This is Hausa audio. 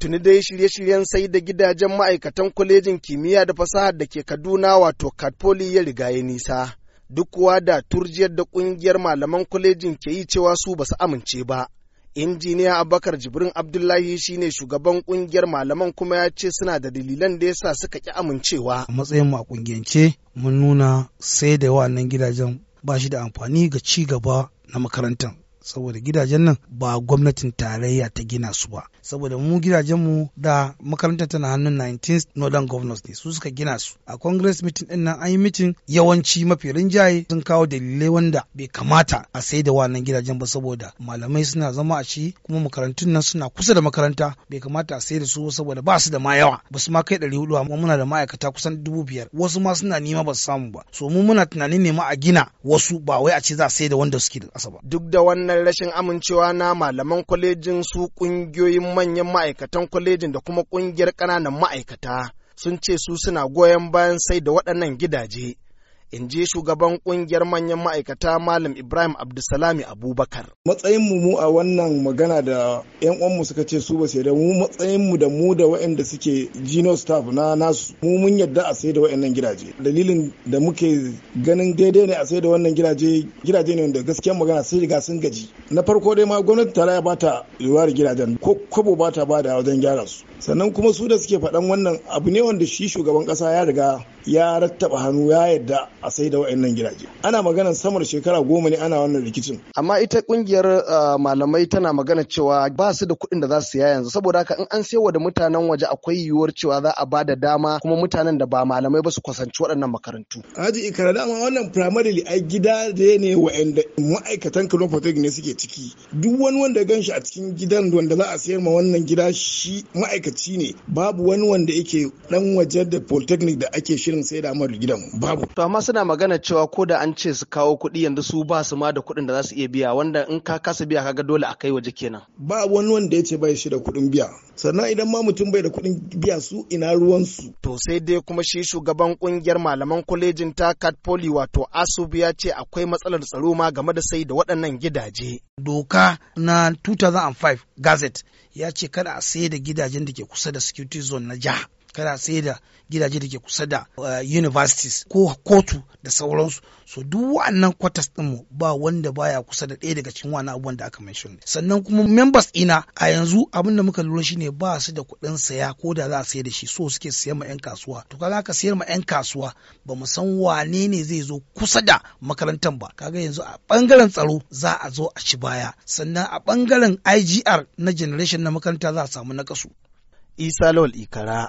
Tuni dai shirye-shiryen sai da gidajen ma'aikatan kwalejin kimiyya da fasahar da ke Kaduna wato Katfoli ya riga ya nisa. Duk kuwa da turjiyar da ƙungiyar malaman kwalejin ke yi cewa su basu amince ba. Injiniya Abakar Jibrin Abdullahi shine shugaban ƙungiyar malaman kuma ya ce suna da dalilan da yasa suka ki amincewa. A matsayin mu a kungiyance mun nuna sai da wannan gidajen ba shi da amfani ga ci gaba na makarantar. saboda gidajen nan ba gwamnatin tarayya ta gina su ba saboda mu gidajenmu da makarantar tana hannun 19 northern governors ne su suka gina su a congress meeting din nan an yi meeting yawanci mafi rinjaye sun kawo dalilai wanda bai kamata a sai da wannan gidajen ba saboda malamai suna zama a shi kuma makarantun nan suna kusa da makaranta bai kamata a sai da su saboda ba su da ma yawa ba su ma kai 400 amma muna da ma'aikata kusan 5000 wasu ma suna nema ba su samu ba so mu muna tunanin ne ma a gina wasu ba wai a ce za a sai da wanda suke da ƙasa duk da wannan kan rashin amincewa na malaman kwalejin su ƙungiyoyin manyan ma'aikatan kwalejin da kuma ƙungiyar ƙananan ma'aikata sun ce su suna goyon bayan sai da waɗannan gidaje. in ji shugaban kungiyar manyan ma'aikata malam ibrahim abdulsalami abubakar matsayin mu a wannan magana da yan uwanmu suka ce su ba sai da mu matsayin da mu da wa'anda suke jino staff na nasu mu mun yadda a sai da gidaje dalilin da muke ganin daidai ne a sai da wannan gidaje gidaje ne wanda gaskiya magana sai riga sun gaji na farko dai ma gwamnati raya ba ta riwar gidajen ko kwabo ba ta ba wajen gyara su sannan kuma su da suke faɗan wannan abu ne wanda shi shugaban ƙasa ya riga ya rattaba hannu ya yadda a sai da wa'annan gidaje ana maganar samar shekara goma ne ana wannan rikicin amma ita kungiyar uh, malamai tana magana cewa ba su da kuɗin da za su saya yanzu saboda haka in an saiwa da mutanen waje akwai yiwuwar cewa za a ba da dama kuma mutanen da ba malamai ba su kwasanci waɗannan makarantu haji ikara dama wannan primarily ai gida da ne wa'anda ma'aikatan Kano ne suke ciki duk wani wanda gan shi a cikin gidan wanda za a sayar ma wannan gida shi ma'aikatan ma'aikaci ne babu wani wanda yake dan waje da polytechnic da ake shirin sai da mar gidan babu to amma suna magana cewa ko da an ce su kawo kuɗi yanzu su ba su ma da kuɗin da za su iya biya wanda in ka kasa biya kaga dole a kai waje kenan ba wani wanda ya ce bai shi da kuɗin biya sannan idan ma mutum bai da kuɗin biya su ina ruwan su to sai dai kuma shi shugaban kungiyar malaman kwalejin ta kat poly wato asubu ya ce akwai matsalar tsaro ma game da sai da waɗannan gidaje doka na 2005 gazette ya ce kada a sayar da gidajen da ke kusa da security zone na jiha kana sai da gidaje da ke kusa da eh, universities ko kotu da sauransu so duk wa'annan kwatas din mu ba wanda baya kusa da ɗaya daga cikin wani abubuwan da aka mention sannan kuma members ina a yanzu abin da muka lura shine ba su da kuɗin saya ko da za a sayar da shi so suke siyan ma yan kasuwa to kaga ka sayar ma yan kasuwa ba mu san wane ne zai zo kusa da makarantar ba kaga yanzu a bangaren tsaro za a zo a ci baya sannan a bangaren IGR na generation na makaranta za a samu nakasu. Isa Lawal Ikara